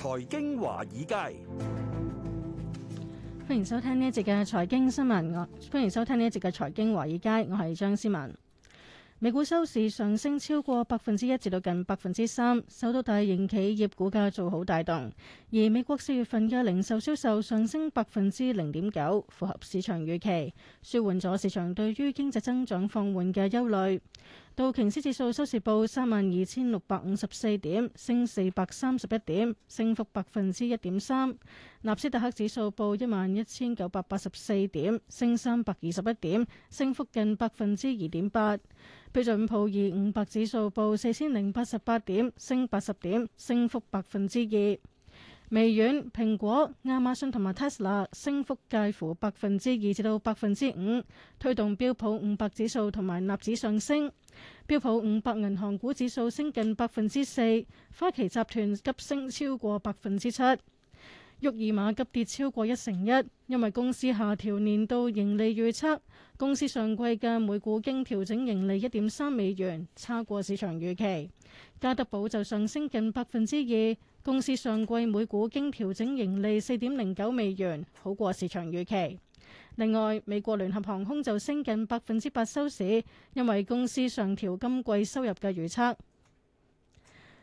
財經華爾街歡，歡迎收聽呢一節嘅財經新聞。我歡迎收聽呢一節嘅財經華爾街，我係張思文。美股收市上升超過百分之一，至到近百分之三，受到大型企業股價做好帶動。而美國四月份嘅零售銷售上升百分之零點九，符合市場預期，舒緩咗市場對於經濟增長放緩嘅憂慮。道瓊斯指數收市報三萬二千六百五十四點，升四百三十一點，升幅百分之一點三。納斯達克指數報一萬一千九百八十四點，升三百二十一點，升幅近百分之二點八。標準普爾五百指數報四千零八十八點，升八十點，升幅百分之二。微軟、蘋果、亞馬遜同埋 Tesla 升幅介乎百分之二至到百分之五，推動標普五百指數同埋納指上升。標普五百銀行股指數升近百分之四，花旗集團急升超過百分之七。沃爾瑪急跌超過一成一，因為公司下調年度盈利預測。公司上季嘅每股經調整盈利一點三美元，差過市場預期。加德堡就上升近百分之二，公司上季每股經調整盈利四點零九美元，好過市場預期。另外，美國聯合航空就升近百分之八收市，因為公司上調今季收入嘅預測。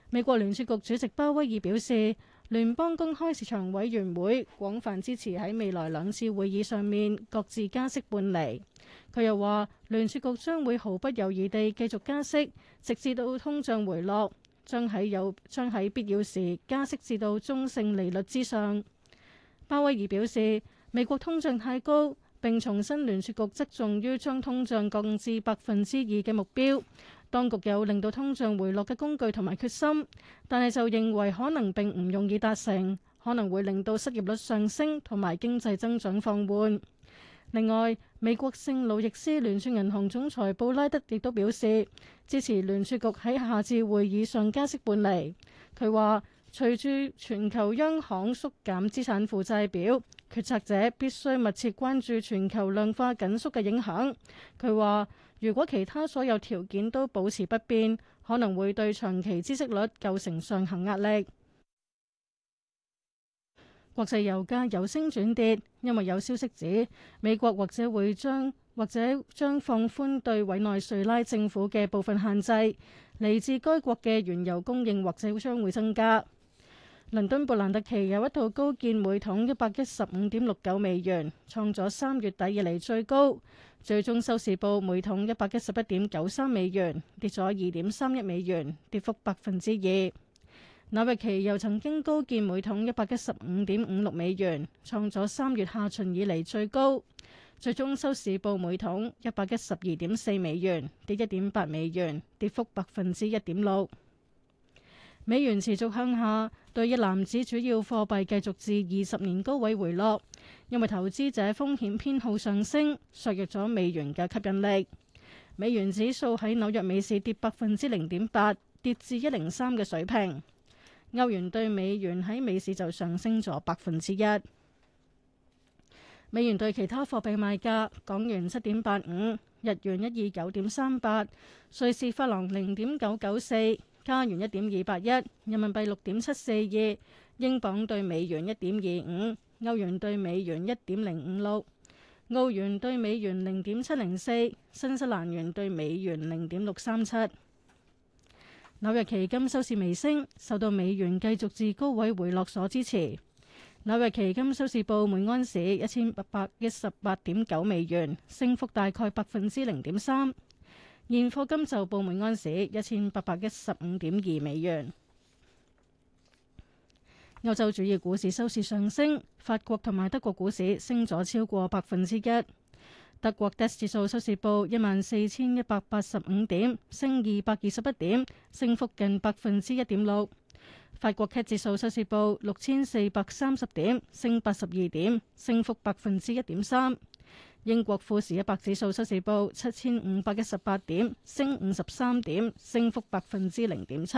美國聯儲局主席鮑威爾表示。聯邦公開市場委員會廣泛支持喺未來兩次會議上面各自加息半釐。佢又話聯儲局將會毫不猶豫地繼續加息，直至到通脹回落，將喺有將喺必要時加息至到中性利率之上。鮑威爾表示，美國通脹太高，並重申聯儲局側重於將通脹降至百分之二嘅目標。當局有令到通脹回落嘅工具同埋決心，但係就認為可能並唔容易達成，可能會令到失業率上升同埋經濟增長放緩。另外，美國聖路易斯聯儲銀行總裁布拉德亦都表示支持聯儲局喺下次會議上加息半釐。佢話：隨住全球央行縮減資產負債表，決策者必須密切關注全球量化緊縮嘅影響。佢話。如果其他所有條件都保持不變，可能會對長期孳息率構成上行壓力。國際油價由升轉跌，因為有消息指美國或者會將或者將放寬對委內瑞拉政府嘅部分限制，嚟自該國嘅原油供應或者將會增加。倫敦布蘭特期油一度高見每桶一百一十五點六九美元，創咗三月底以嚟最高。最終收市報每桶一百一十一點九三美元，跌咗二點三一美元，跌幅百分之二。紐約期又曾經高見每桶一百一十五點五六美元，創咗三月下旬以嚟最高。最終收市報每桶一百一十二點四美元，跌一點八美元，跌幅百分之一點六。美元持續向下，對一籃子主要貨幣繼續至二十年高位回落。因為投資者風險偏好上升，削弱咗美元嘅吸引力。美元指數喺紐約美市跌百分之零點八，跌至一零三嘅水平。歐元對美元喺美市就上升咗百分之一。美元對其他貨幣賣價：港元七點八五，日元一二九點三八，瑞士法郎零點九九四，加元一點二八一，人民幣六點七四二，英鎊兌美元一點二五。歐元對美元一點零五六，澳元對美元零點七零四，新西蘭元對美元零點六三七。紐約期金收市微升，受到美元繼續自高位回落所支持。紐約期金收市報每安士一千八百一十八點九美元，升幅大概百分之零點三。現貨金就報每安士一千八百一十五點二美元。歐洲主要股市收市上升，法國同埋德國股市升咗超過百分之一。德國 DAX 指數收市報一萬四千一百八十五點，升二百二十一點，升幅近百分之一點六。法國 CAC 指數收市報六千四百三十點，升八十二點，升幅百分之一點三。英國富時一百指數收市報七千五百一十八點，升五十三點，升幅百分之零點七。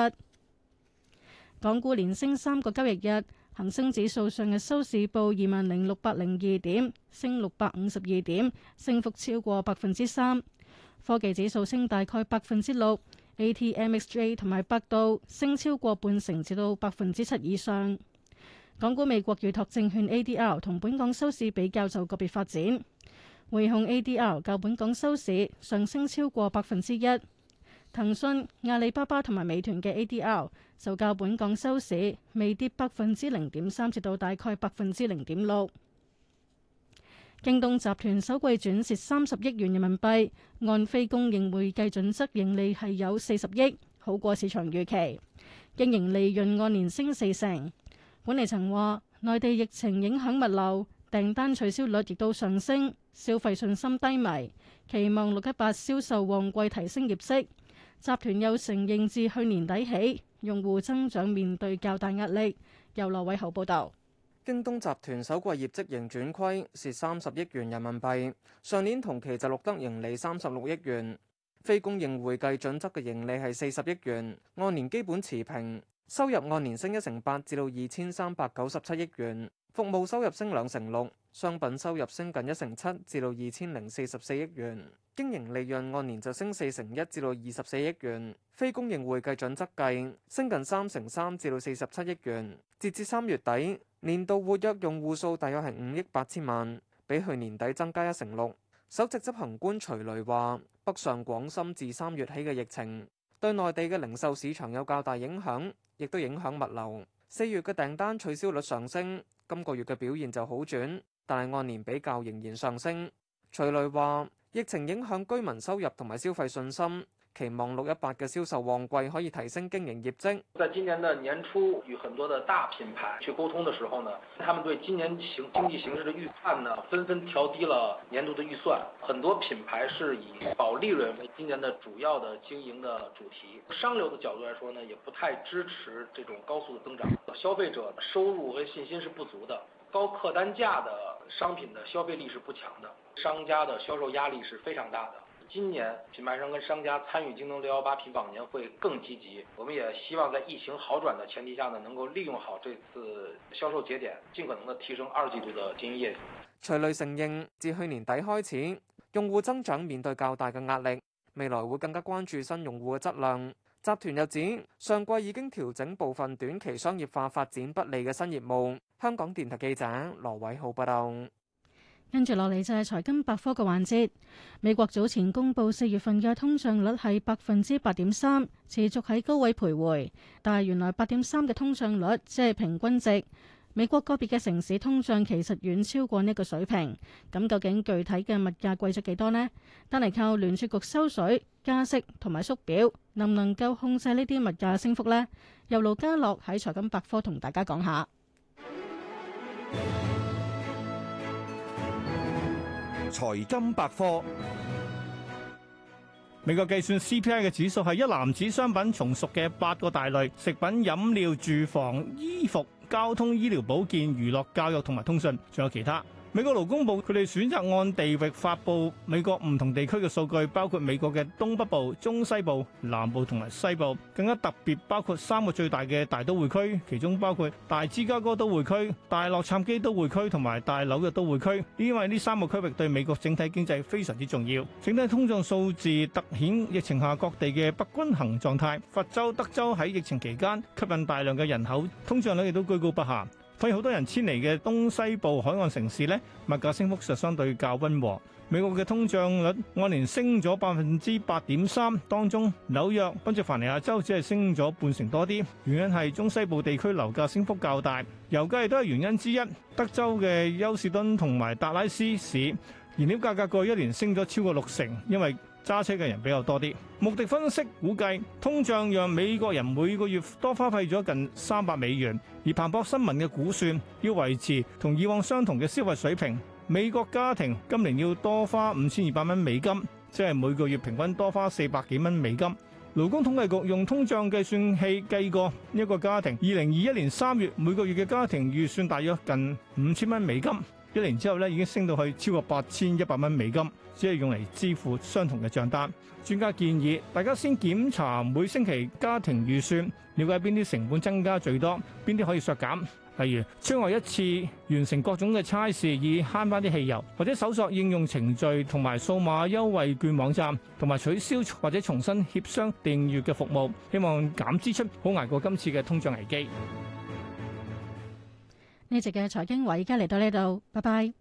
港股連升三個交易日，恒生指數上日收市報二萬零六百零二點，升六百五十二點，升幅超過百分之三。科技指數升大概百分之六，ATMXJ 同埋百度升超過半成，至到百分之七以上。港股美國預託證券 ADR 同本港收市比較就個別發展，匯控 ADR 較本港收市上升超過百分之一。騰訊、阿里巴巴同埋美團嘅 ADR 就較本港收市微跌百分之零點三，至到大概百分之零點六。京東集團首季轉蝕三十億元人民幣，按非公認會計準則盈利係有四十億，好過市場預期。經營利潤按年升四成。管理層話，內地疫情影響物流訂單取消率亦都上升，消費信心低迷，期望六一八銷售旺季提升業績。集團又承認，自去年底起，用戶增長面對較大壓力。由羅偉豪報道，京東集團首季業績盈轉虧，蝕三十億元人民幣，上年同期就錄得盈利三十六億元。非公認會計準則嘅盈利係四十億元，按年基本持平，收入按年升一成八，至到二千三百九十七億元。服務收入升兩成六，商品收入升近一成七，至到二千零四十四億元。經營利潤按年就升四成一，至到二十四億元。非公認會計準則計升近三成三，至到四十七億元。截至三月底，年度活躍用戶數大約係五億八千萬，比去年底增加一成六。首席執行官徐雷話：北上廣深自三月起嘅疫情對內地嘅零售市場有較大影響，亦都影響物流。四月嘅訂單取消率上升。今個月嘅表現就好轉，但係按年比較仍然上升。徐雷話：疫情影響居民收入同埋消費信心。期望六一八的銷售旺季可以提升經營業績。在今年的年初，與很多的大品牌去溝通的時候呢，他們對今年形經濟形勢的預判呢，紛紛調低了年度的預算。很多品牌是以保利潤為今年的主要的經營的主題。商流的角度來說呢，也不太支持這種高速的增長。消費者收入和信心是不足的，高客單價的商品的消費力是不強的，商家的銷售壓力是非常大的。今年品牌商跟商家參與京東六幺八拼榜，年會更積極，我們也希望在疫情好轉的前提下呢，能夠利用好這次銷售節點，盡可能的提升二季度的經營業績。徐雷承認，自去年底開始，用戶增長面對較大嘅壓力，未來會更加關注新用戶嘅質量。集團又指，上季已經調整部分短期商業化發展不利嘅新業務。香港電台記者羅偉浩報道。跟住落嚟就係財金百科嘅環節。美國早前公布四月份嘅通脹率係百分之八點三，持續喺高位徘徊。但係原來八點三嘅通脹率只係平均值。美國個別嘅城市通脹其實遠超過呢個水平。咁究竟具體嘅物價貴咗幾多呢？單嚟靠聯儲局收水、加息同埋縮表，能唔能夠控制呢啲物價升幅呢？由盧家樂喺財金百科同大家講下。 財金百科，美國計算 CPI 嘅指數係一籃子商品，從屬嘅八個大類：食品、飲料、住房、衣服、交通、醫療保健、娛樂、教育同埋通訊，仲有其他。美國勞工部，佢哋選擇按地域發佈，美國唔同地區嘅數據，包括美國嘅東北部、中西部、南部同埋西部，更加特別包括三個最大嘅大都會區，其中包括大芝加哥都會區、大洛杉磯都會區同埋大紐約都會區，因為呢三個區域對美國整體經濟非常之重要。整體通脹數字，突顯疫情下各地嘅不均衡狀態，佛州、德州喺疫情期間，吸引大量嘅人口，通脹率亦都居高不下。所以好多人遷嚟嘅東西部海岸城市呢，物價升幅實相對較溫和。美國嘅通脹率按年升咗百分之八點三，當中紐約賓夕凡尼亞州只係升咗半成多啲，原因係中西部地區樓價升幅較大，油價亦都係原因之一。德州嘅休士頓同埋達拉斯市燃料價格過去一年升咗超過六成，因為揸車嘅人比較多啲。穆迪分析估計，通脹讓美國人每個月多花費咗近三百美元。而彭博新聞嘅估算，要維持同以往相同嘅消費水平，美國家庭今年要多花五千二百蚊美金，即係每個月平均多花四百幾蚊美金。勞工統計局用通脹計算器計過一個家庭，二零二一年三月每個月嘅家庭預算大約近五千蚊美金。一年之後咧，已經升到去超過八千一百蚊美金，只係用嚟支付相同嘅帳單。專家建議大家先檢查每星期家庭預算，了解邊啲成本增加最多，邊啲可以削減。例如，將來一次完成各種嘅差事，以慳翻啲汽油；或者搜索應用程序同埋數碼優惠券網站，同埋取消或者重新協商訂閱嘅服務。希望減支出，好捱過今次嘅通脹危機。呢集嘅財經話，而家嚟到呢度，拜拜。